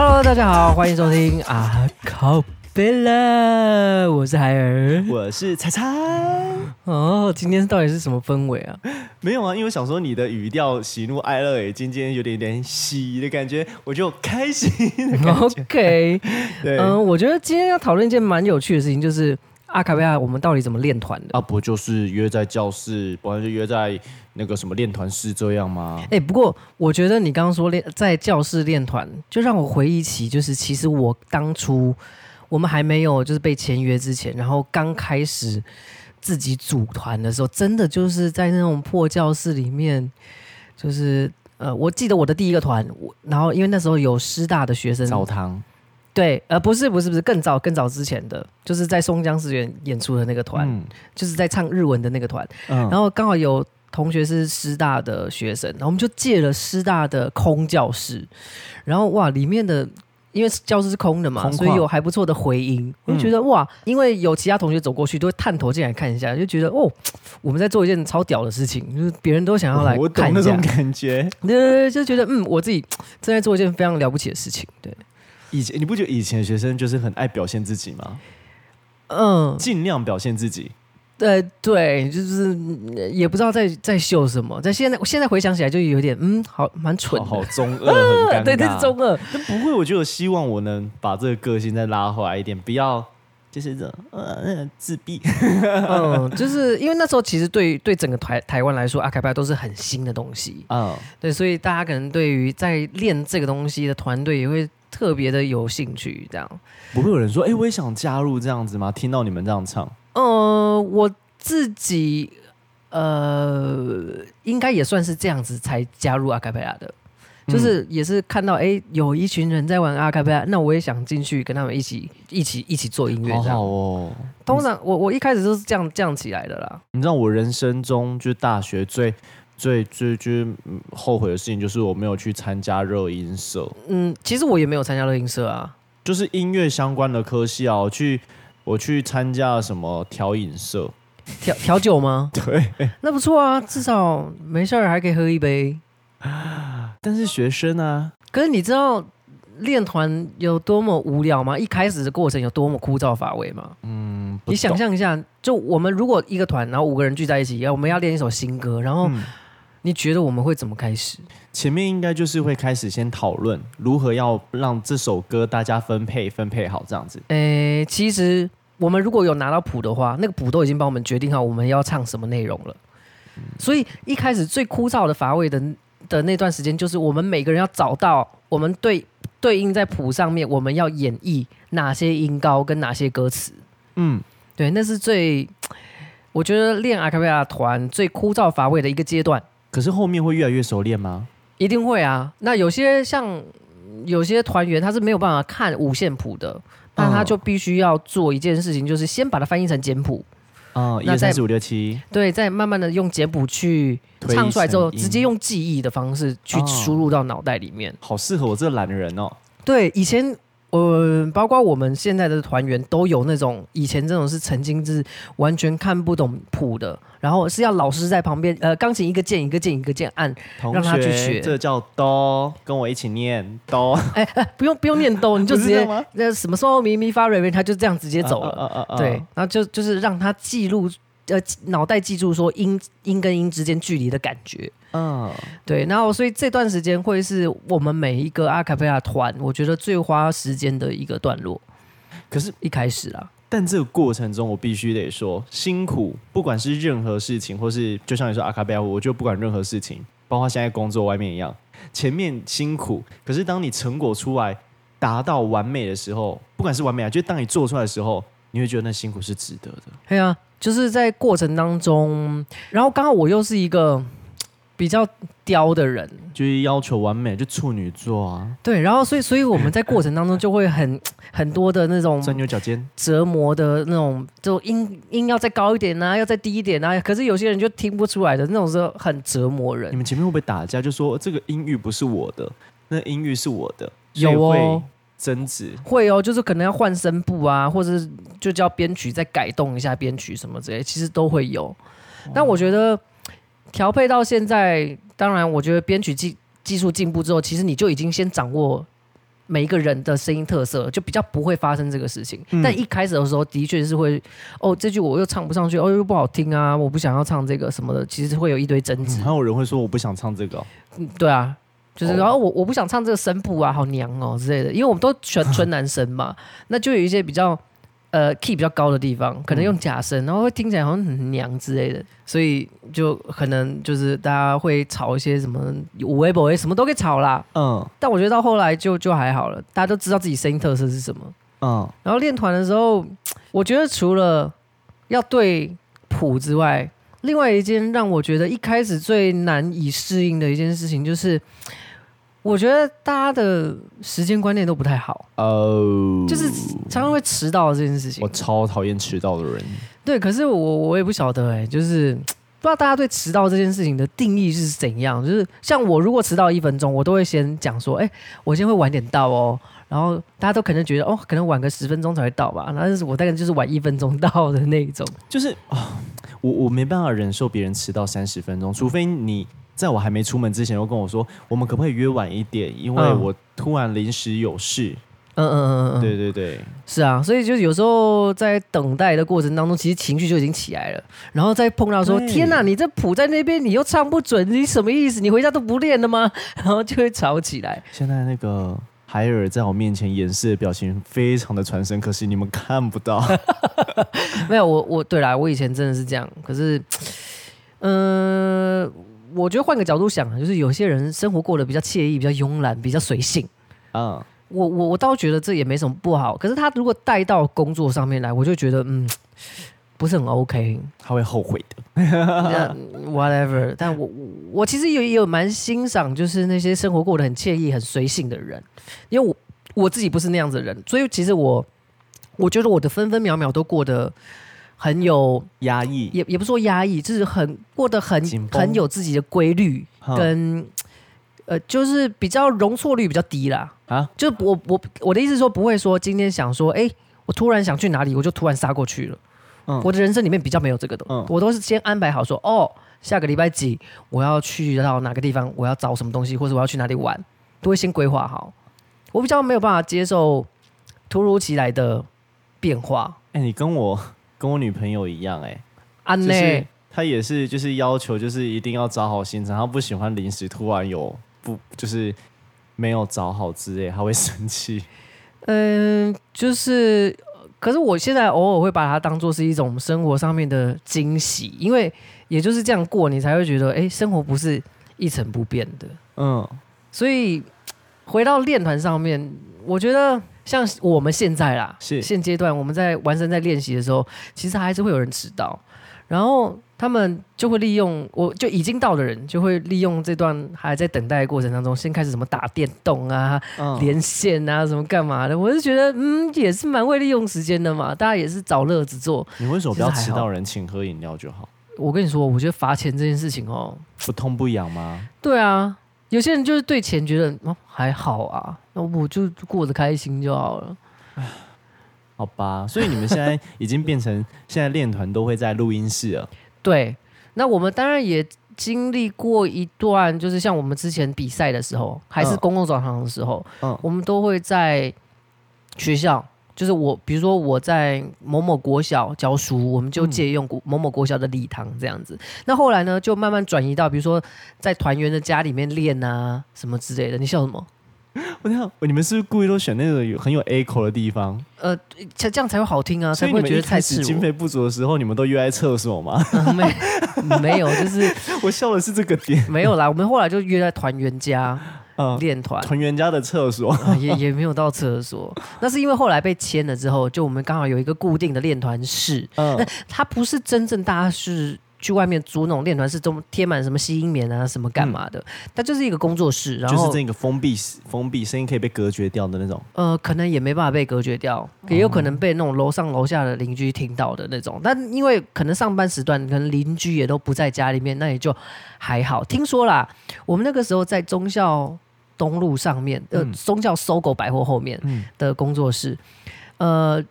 Hello，大家好，歡迎收聽啊，阿卡貝拉，我是海爾，我是彩彩，嗯。哦，今天到底是什麼氛圍啊？沒有啊，因為我想說你的語調喜怒哀樂，誒，今天有點點喜的感覺，我就開心的感覺，OK，對嗯，我覺得今天要討論一件蠻有趣的事情，就是。阿卡貝拉，我們到底怎麼練團的？啊，不就是約在教室，不然就約在那個什麼練團室這樣嗎？哎、欸，不過我覺得你剛剛說練在教室練團，就讓我回憶起，就是其實我當初我們還沒有就是被簽約之前，然後剛開始自己組團的時候，真的就是在那種破教室裡面，就是呃，我記得我的第一個團，我然後因為那時候有師大的學生澡堂。對，呃，不是，不是，不是，更早，更早之前的，就是在松江實院演出的那個團，嗯，就是在唱日文的那個團。嗯，然後剛好有同學是師大的學生，然後我們就借了師大的空教室。然後哇，裡面的，因為教室是空的嘛，曠所以有還不錯的回音。嗯，就覺得哇，因為有其他同學走過去都會探頭進來看一下，就覺得哦，我們在做一件超屌的事情，就是別人都想要來看。哦，我懂那種感覺。 對，對，對，對，就覺得嗯，我自己正在做一件非常了不起的事情。對。以前你不覺得以前的學生就是很愛表現自己嗎？嗯，盡量表現自己。對對，就是也不知道在在秀什麼。在現在，我現在回想起來就有點嗯，好蠻蠢，好、哦、中二很尷尬、啊，對對，中二。但不會，我就希望我能把這個個性再拉回來一點，不要就是這呃、啊、自閉。嗯，就是因為那時候其實對對整個台台灣來說，阿卡巴都是很新的東西。嗯，對，所以大家可能對於在練這個東西的團隊也會。特別的有興趣，這樣不會有人說：“哎、欸，我也想加入這樣子嗎？”聽到你們這樣唱，嗯、呃、我自己呃，應該也算是這樣子才加入阿卡貝拉的，就是也是看到哎、欸，有一群人在玩阿卡貝拉，那我也想進去跟他們一起一起一起做音樂，這樣好好哦。通常我我一開始都是這樣這樣起來的啦。你知道我人生中就是、大學最。最最最後悔的事情就是我沒有去參加熱音社。嗯，其實我也沒有參加熱音社啊。就是音樂相關的科系啊，我去我去參加什麼調飲社，調調酒嗎？對， 那不錯啊，至少沒事兒還可以喝一杯。但是學生啊，可是你知道練團有多麼無聊嗎？一開始的過程有多麼枯燥乏味嗎？嗯，你想象一下，就我們如果一個團，然後五個人聚在一起，要我們要練一首新歌，然後、嗯。你覺得我們會怎麼開始？前面應該就是會開始先討論如何要讓這首歌大家分配分配好這樣子。哎，其實我們如果有拿到譜的話，那個譜都已經幫我們決定好我們要唱什麼內容了。所以一開始最枯燥的、乏味的的那段時間，就是我們每個人要找到我們對對應在譜上面我們要演繹哪些音高跟哪些歌詞。嗯，對，那是最我覺得練阿卡貝拉團最枯燥乏味的一個階段。可是後面會越來越熟練嗎？一定會啊。那有些像有些團員他是沒有辦法看五線譜的，那他就必須要做一件事情，就是先把它翻譯成簡譜。哦，那再，嗯，一二三四五六七，對，再慢慢的用簡譜去唱出來之後，直接用記憶的方式去輸入到腦袋裡面。好適合我這個懶人哦。對，以前。呃、嗯，包括我們現在的團員都有那種以前這種是曾經是完全看不懂譜的，然後是要老師在旁邊，呃，鋼琴一個鍵一個鍵一個鍵按，同學，讓他去學。這叫哆，跟我一起念哆。哎哎、欸欸，不用不用念哆，你就直接那、呃、什麼時候咪咪發瑞瑞，他就這樣直接走了。對，然後就就是讓他記錄。呃，腦袋記住說音音跟音之間距離的感覺，嗯、哦，對。然後，所以這段時間會是我們每一個阿卡貝拉團，我覺得最花時間的一個段落。可是，一開始啦。但這個過程中，我必須得說辛苦，不管是任何事情，或是就像你說阿卡貝拉，我就不管任何事情，包括現在工作外面一樣，前面辛苦。可是，當你成果出來，達到完美的時候，不管是完美啊，就是、當你做出來的時候，你會覺得那辛苦是值得的。對啊。就是在過程當中，然後剛好我又是一個比較刁的人，就是要求完美，就處女座啊。對，然後所以所以我們在過程當中就會很 很多的那種鑽牛角尖、折磨的那種，就音音要再高一點啊，要再低一點啊。可是有些人就聽不出來的那種，時候很折磨人。你們前面會不會打架？就說這個音域不是我的，那個音域是我的，有哦。爭執會哦，就是可能要換聲部啊，或者就叫編曲再改動一下編曲什麼之類，其實都會有。但哇我覺得調配到現在，當然我覺得編曲技技術進步之後，其實你就已經先掌握每一個人的聲音特色，就比較不會發生這個事情。嗯、但一開始的時候，的確是會哦，這句我又唱不上去，哦又不好聽啊，我不想要唱這個什麼的，其實會有一堆爭執、嗯。還有人會說我不想唱這個、哦，嗯，對啊。就是，然後我、oh. 我不想唱這個聲部啊，好娘哦之類的，因為我們都全純呵男生嘛，那就有一些比較，呃，key 比較高的地方，可能用假聲，嗯、然後會聽起來好像很娘之類的，所以就可能就是大家會吵一些什麼五五五什麼都給吵啦。嗯。Uh. 但我覺得到後來就就還好了，大家都知道自己聲音特色是什麼。嗯。Uh. 然後練團的時候，我覺得除了要對譜之外，另外一件讓我覺得一開始最難以適應的一件事情就是。我覺得大家的時間觀念都不太好，呃，oh, 就是常常會遲到這件事情。我超討厭遲到的人。對，可是我我也不曉得哎，就是不知道大家對遲到這件事情的定義是怎樣。就是像我如果遲到一分鐘，我都會先講說，哎，我今天會晚點到哦。然後大家都可能覺得，哦，可能晚個十分鐘才會到吧。但是我大概就是晚一分鐘到的那種。就是我我沒辦法忍受別人遲到三十分鐘，除非你。在我還沒出門之前，又跟我說我們可不可以約晚一點？因為我突然臨時有事。嗯嗯嗯嗯，嗯嗯嗯對對對，是啊，所以就是有時候在等待的過程當中，其實情緒就已經起來了。然後再碰到說對天哪、啊，你這譜在那邊，你又唱不準，你什麼意思？你回家都不練了嗎？然後就會吵起來。現在那個海爾在我面前演示的表情非常的傳神，可是你們看不到。 沒有我，我對啦，我以前真的是這樣。可是，嗯。呃我覺得換個角度想，就是有些人生活過得比較愜意、比較慵懶、比較隨性。Uh. 我我我倒覺得這也沒什麼不好。可是他如果帶到工作上面來，我就覺得嗯，不是很 OK。他會後悔的。 yeah, whatever，但我我其實也有也有蠻欣賞，就是那些生活過得很愜意、很隨性的人，因為我我自己不是那樣子的人，所以其實我我覺得我的分分秒秒都過得。很有壓抑，也也不說壓抑，就是很過得很緊繃，很有自己的規律，嗯、跟呃，就是比較容錯率比較低啦。啊，就我我我的意思說，不會說今天想說，哎、欸，我突然想去哪裡，我就突然殺過去了。嗯，我的人生裡面比較沒有這個的，嗯、我都是先安排好說，說哦，下個禮拜幾，我要去到哪個地方，我要找什麼東西，或者我要去哪裡玩，都會先規劃好。我比較沒有辦法接受突如其來的變化。哎、欸，你跟我。跟我女朋友一樣。哎、欸，就是她也是，就是要求就是一定要找好行程，她不喜歡臨時突然有不，就是沒有找好之類，她會生氣。嗯，就是可是我現在偶爾會把它當作是一種生活上面的驚喜，因為也就是這樣過，你才會覺得哎、欸，生活不是一成不變的。嗯，所以。回到練團上面，我覺得像我們現在啦，是現階段我們在完成在練習的時候，其實還是會有人遲到，然後他們就會利用我就已經到的人，就會利用這段還在等待的過程當中，先開始什麼打電動啊、嗯、連線啊、什麼幹嘛的。我是覺得，嗯，也是蠻會利用時間的嘛，大家也是找樂子做。你為什麼不要遲到人？人請喝飲料就好。我跟你說，我覺得罰錢這件事情哦，不痛不癢嗎？對啊。有些人就是對錢覺得哦還好啊，那我就過得開心就好了。好吧，所以你們現在已經變成現在練團都會在錄音室了。 對，那我們當然也經歷過一段，就是像我們之前比賽的時候，還是公共澡堂的時候，嗯，我們都會在學校。就是我，比如說我在某某國小教書，我們就借用某某國小的禮堂這樣子。嗯、那後來呢，就慢慢轉移到，比如說在團員的家裡面練啊，什麼之類的。你笑什麼？我笑你們是不是故意都選那種有很有 echo 的地方？呃，這這樣才會好聽啊，才會覺得太刺耳。所以你們開始經費不足的時候，你們都約在廁所嗎？呃、沒沒有，就是我笑的是這個點。沒有啦，我們後來就約在團員家。練團團員家的廁所、啊、也也沒有到廁所， 那是因為後來被簽了之後，就我們剛好有一個固定的練團室，嗯，它不是真正大家是去外面租那種練團室，中貼滿什麼吸音棉啊，什麼幹嘛的，它、嗯、就是一個工作室，然後就是這個封閉式、封閉聲音可以被隔絕掉的那種，呃，可能也沒辦法被隔絕掉，也有可能被那種樓上樓下的鄰居聽到的那種，嗯、但因為可能上班時段可能鄰居也都不在家裡面，那也就還好。聽說啦，我們那個時候在忠孝。東路上面，呃，宗教 SOGO 百貨後面的工作室，嗯、呃，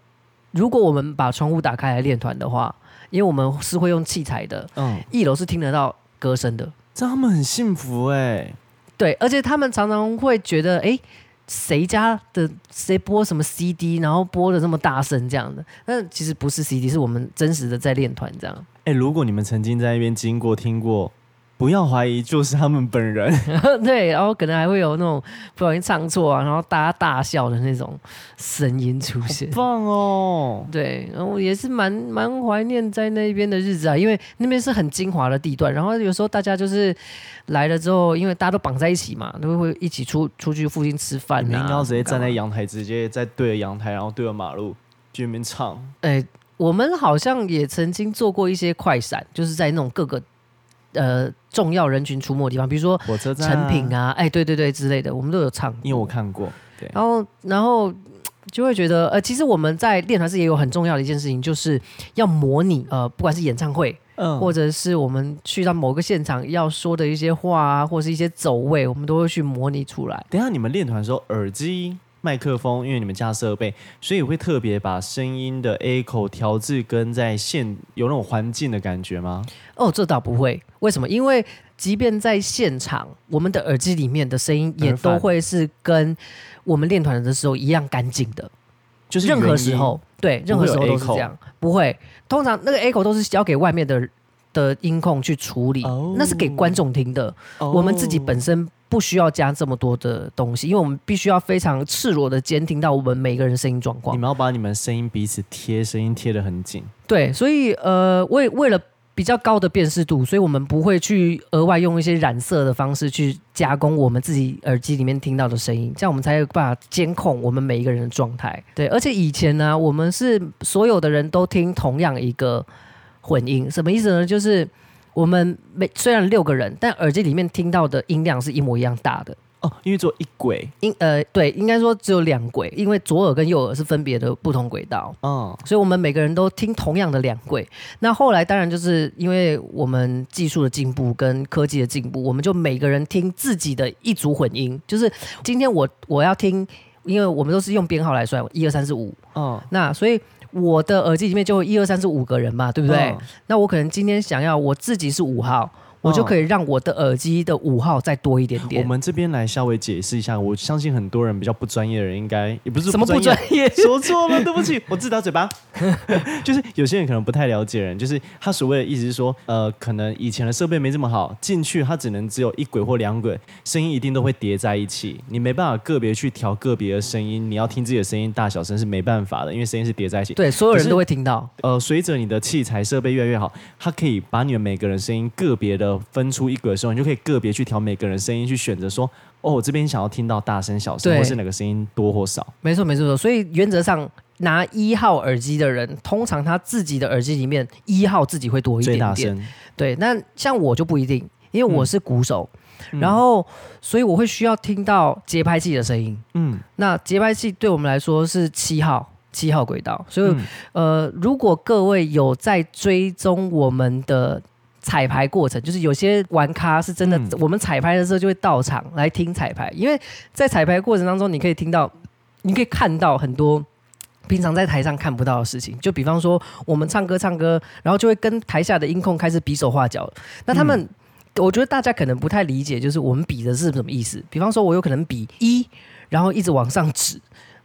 如果我們把窗戶打開來練團的話，因為我們是會用器材的，嗯，一樓是聽得到歌聲的。這他們很幸福哎、欸，對，而且他們常常會覺得，哎、欸，誰家的誰播什麼 CD，然後播的那麼大聲這樣的，那其實不是 CD，是我們真實的在練團這樣。哎、欸，如果你們曾經在那邊經過聽過。不要懷疑，就是他們本人。 對，然後可能還會有那種不小心唱錯啊，然後大家大笑的那種聲音出現。棒哦！對，然後我也是蠻蠻懷念在那邊的日子啊，因為那邊是很精華的地段。然後有時候大家就是來了之後，因為大家都綁在一起嘛，都會一起出出去附近吃飯，啊。你應該要直接站在陽台，直接嘛在對着陽台，然後對着馬路，居民唱。哎、欸，我們好像也曾經做過一些快閃，就是在那種各個。呃，重要人群出沒的地方，比如說、啊、火車站、成品啊，哎、欸，對對對之類的，我們都有唱。因為我看過，對，然後然後就會覺得，呃，其實我們在練團時也有很重要的一件事情，就是要模擬，呃，不管是演唱會，嗯，或者是我們去到某個現場要說的一些話啊，或者是一些走位，我們都會去模擬出來。等一下你們練團的時候，耳機。麥克風，因為你們加設備，所以會特別把聲音的 echo 調製跟在線有那種環境的感覺嗎？哦，這倒不會。為什麼？因為即便在現場，我們的耳機裡面的聲音也都會是跟我們練團的時候一樣乾淨的，就是煩任何時候，對，任何時候都是這樣，會不會？通常那個 echo 都是交給外面的。的音控去處理，oh, 那是給觀眾聽的。Oh, 我們自己本身不需要加這麼多的東西，因為我們必須要非常赤裸的監聽到我們每個人的聲音狀況。你們要把你們聲音彼此貼，聲音貼得很緊。對，所以呃，為為了比較高的辨識度，所以我們不會去額外用一些染色的方式去加工我們自己耳機裡面聽到的聲音，這樣我們才有辦法監控我們每一個人的狀態。對，而且以前呢，我們是所有的人都聽同樣一個。混音什麼意思呢？就是我們每雖然六個人，但耳機裡面聽到的音量是一模一樣大的哦。因為只有一軌，音，呃，對，應該說只有兩軌，因為左耳跟右耳是分別的不同軌道哦。所以我們每個人都聽同樣的兩軌。那後來當然就是因為我們技術的進步跟科技的進步，我們就每個人聽自己的一組混音。就是今天我我要聽，因為我們都是用編號來算，一二三四五哦。那所以。我的耳機裡面就一二三四五個人嘛，對不對？哦、那我可能今天想要我自己是五號。我就可以讓我的耳機的五號再多一點點。嗯，我們這邊來稍微解釋一下，我相信很多人比較不專業的人應，應該也不是不專業，什麼不專業，說錯了， 對不起，我自打嘴巴。 就是有些人可能不太了解人，就是他所謂的意思是說，呃，可能以前的設備沒這麼好，進去他只能只有一軌或兩軌，聲音一定都會疊在一起，你沒辦法個別去調個別的聲音，你要聽自己的聲音大小聲是沒辦法的，因為聲音是疊在一起，對所有人都會聽到。呃，隨着你的器材設備越來越好，它可以把你們每個人聲音個別的。分出一格的時候，你就可以個別去調每個人的聲音，去選擇說哦，我這邊想要聽到大聲、小聲，對或是哪個聲音多或少。沒錯，沒錯。所以原則上，拿一號耳機的人，通常他自己的耳機裡面一號自己會多一點點。對，那像我就不一定，因為我是鼓手，嗯、然後所以我會需要聽到節拍器的聲音。嗯，那節拍器對我們來說是七號，七號軌道。所以，嗯、呃，如果各位有在追蹤我們的。彩排過程就是有些玩咖是真的，嗯、我們彩排的時候就會到場來聽彩排，因為在彩排過程當中，你可以聽到，你可以看到很多平常在台上看不到的事情。就比方說，我們唱歌唱歌，然後就會跟台下的音控開始比手畫腳。那他們，嗯、我覺得大家可能不太理解，就是我們比的是什麼意思。比方說，我有可能比一，然後一直往上指，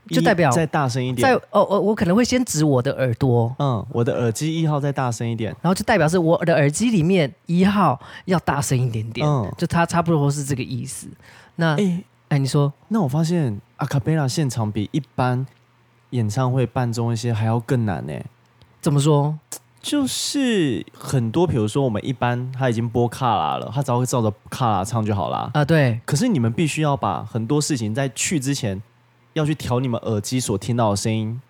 一就代表再大聲一點，再哦哦，我可能會先指我的耳朵，嗯，我的耳機一號再大聲一點，然後就代表是我的耳機裡面一號要大聲一點點，嗯、就他差不多是這個意思。那、欸、哎你說，那我發現阿卡貝拉現場比一般演唱會伴奏一些還要更難呢？怎麼說？就是很多，比如說我們一般他已經播卡拉了，他只要照着卡拉唱就好了啊、呃。對，可是你們必須要把很多事情在去之前。要去調你們耳機所聽到的聲音，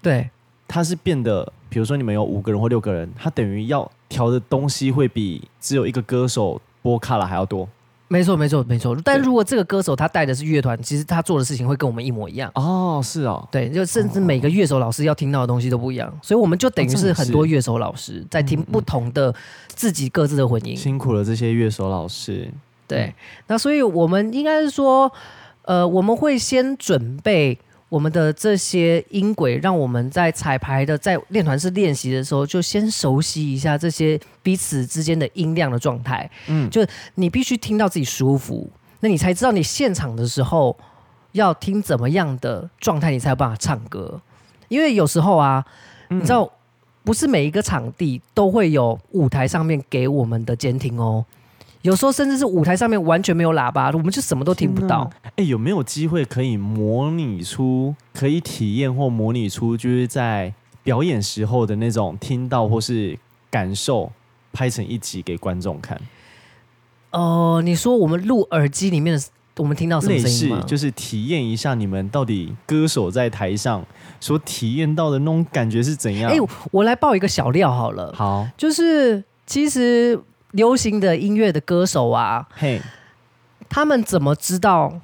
對，它是變得，比如說你們有五個人或六個人，它等於要調的東西會比只有一個歌手播卡拉還要多。沒錯，沒錯，沒錯。但如果這個歌手他帶的是樂團，對其實他做的事情會跟我們一模一樣。哦，是哦，對，就甚至每個樂手老師要聽到的東西都不一樣，所以我們就等於是很多樂手老師在聽不同的自己各自的混音。辛苦了這些樂手老師。嗯、對，那所以我們應該是說。呃，我們會先準備我們的這些音軌，讓我們在彩排的在練團室練習的時候，就先熟悉一下這些彼此之間的音量的狀態。嗯，就是你必須聽到自己舒服，那你才知道你現場的時候要聽怎麼樣的狀態，你才有辦法唱歌。因為有時候啊，嗯、你知道，不是每一個場地都會有舞台上面給我們的監聽哦。有時候甚至是舞台上面完全沒有喇叭，我們就什麼都聽不到。哎、啊欸，有沒有機會可以模擬出，可以體驗或模擬出，就是在表演時候的那種聽到或是感受，拍成一集給觀眾看？哦、呃，你說我們錄耳機裡面我們聽到什麼聲音？是，就是體驗一下你們到底歌手在台上所體驗到的那種感覺是怎樣？哎、欸，我來爆一個小料好了。好，就是其實。流行的音樂的歌手啊，嘿，Hey, 他們怎麼知道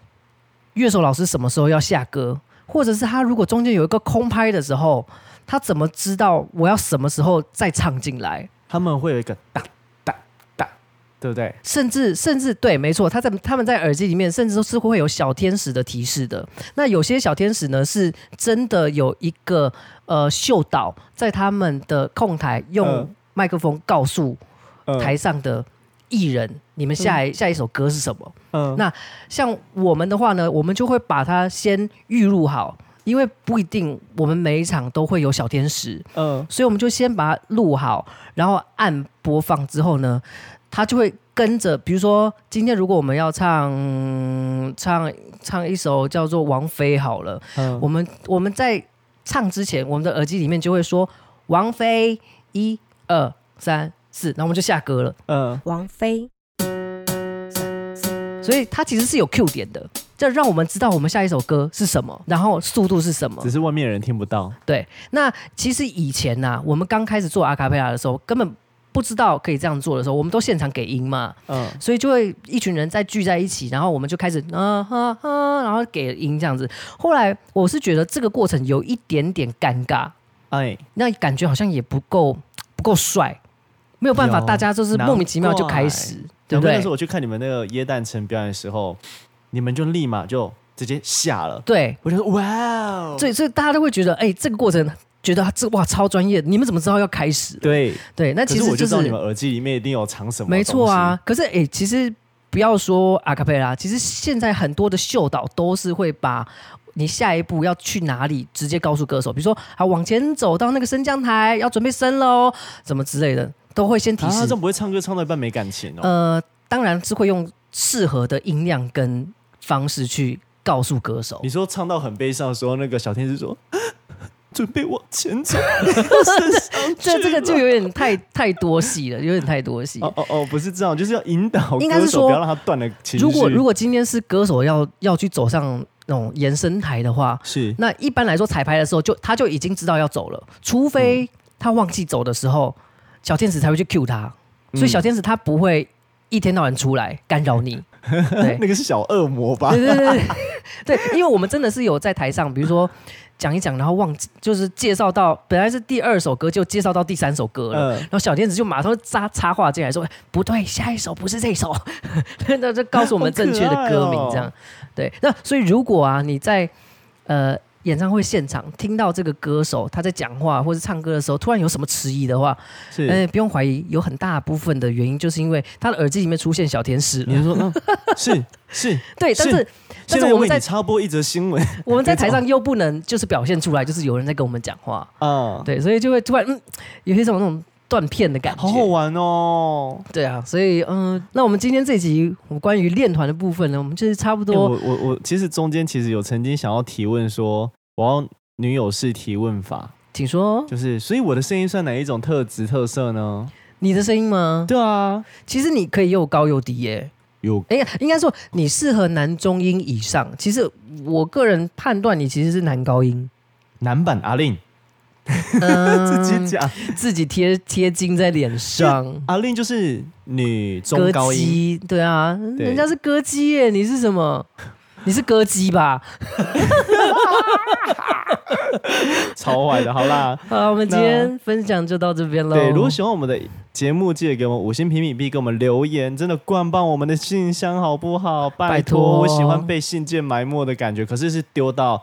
樂手老師什麼時候要下歌，或者是他如果中間有一個空拍的時候，他怎麼知道我要什麼時候再唱進來？他們會有一個噠噠噠，對不對？甚至甚至對，沒錯，他在他們在耳機裡面，甚至都是會有小天使的提示的。那有些小天使呢，是真的有一個呃，秀導在他們的控台用麥克風告訴。呃台上的藝人，嗯、你們下一下一首歌是什麼？嗯，那像我們的話呢，我們就會把它先預錄好，因為不一定我們每一場都會有小天使，嗯，所以我們就先把它錄好，然後按播放之後呢，它就會跟着。比如說今天如果我們要唱唱唱一首叫做王妃好了，嗯，我們我們在唱之前，我們的耳機裡面就會說王妃一二三。是，然後我們就下歌了。呃，王菲。所以它其實是有 Q 點的，就讓我們知道我們下一首歌是什麼，然後速度是什麼。只是外面人聽不到。對，那其實以前啊，我們剛開始做阿卡貝拉的時候，根本不知道可以這樣做的時候，我們都現場給音嘛。嗯、呃，所以就會一群人在聚在一起，然後我們就開始、啊，嗯哼哼，然後給音這樣子。後來我是覺得這個過程有一點點尷尬，哎，那感覺好像也不夠不夠帥。沒有辦法，有大家就是莫名其妙就開始，怪對不對？但是我去看你們那個耶誕城表演的時候，你們就立馬就直接下了。對，我就說哇，所以 Wow 所以大家都會覺得，哎，這個過程覺得這哇超專業。你們怎麼知道要開始？對對，那對其實、就是、我就知道你們耳機裡面一定有藏什麼。沒錯啊，可是哎，其實不要說阿卡佩拉，其實現在很多的秀導都是會把你下一步要去哪裡直接告訴歌手，比如說啊，往前走到那個升降台要準備升嘍，怎麼之類的。都會先提醒。他、啊，這麼不會唱歌，唱到一半沒感情哦。呃，當然是會用適合的音量跟方式去告訴歌手。你說唱到很悲傷的時候，那個小天使說：“準備往前走。 ”這這個就有點太太多戲了，有點太多戲、哦。哦哦哦，不是這樣，就是要引導歌手。應該是說不要讓他斷了情緒。如果如果今天是歌手要要去走上那種延伸台的話，是那一般來說彩排的時候就他就已經知道要走了，除非他忘記走的時候。嗯小天使才會去 cue 他，所以小天使他不會一天到晚出來干擾你。嗯、對 那個是小惡魔吧？對對對對，對，因為我們真的是有在台上，比如說講一講，然後忘記就是介紹到本來是第二首歌，就介紹到第三首歌了，嗯、然後小天使就馬上插插話進來說，說不對，下一首不是這首，那 就告訴我們正確的歌名這樣。哦、對，那所以如果啊你在呃。演唱會現場聽到這個歌手他在講話或者唱歌的時候，突然有什麼遲疑的話，是哎，不用懷疑，有很大部分的原因就是因為他的耳機裡面出現小天使了。你說，嗯、啊，是是， 對，但是但是是我們在插播一則新聞，我們在台上又不能就是表現出來，就是有人在跟我們講話哦，對，所以就會突然嗯，有些什麼那種。斷片的感覺，好好玩哦！對啊，所以嗯、呃，那我們今天這集我關於練團的部分呢，我們就是差不多。我我我，我我其實中間其實有曾經想要提問說，我要女友式提問法。請說就是，所以我的聲音算哪一種特質特色呢？你的聲音嗎？對啊，其實你可以又高又低耶、欸。有哎呀、欸，應該說你適合男中音以上。其實我個人判斷你其實是男高音，男版阿令。嗯、自己講，自己貼貼金在臉上。阿令就是女中高音，對啊，對，人家是歌姬耶，你是什麼？你是歌姬吧？ 超壞的，好啦，啊，我們今天分享就到這邊嘍。對，如果喜歡我們的節目，記得給我們五星評比，給我們留言，真的灌爆我們的信箱好不好？拜託，拜託，我喜歡被信件埋沒的感覺，可是是丟到。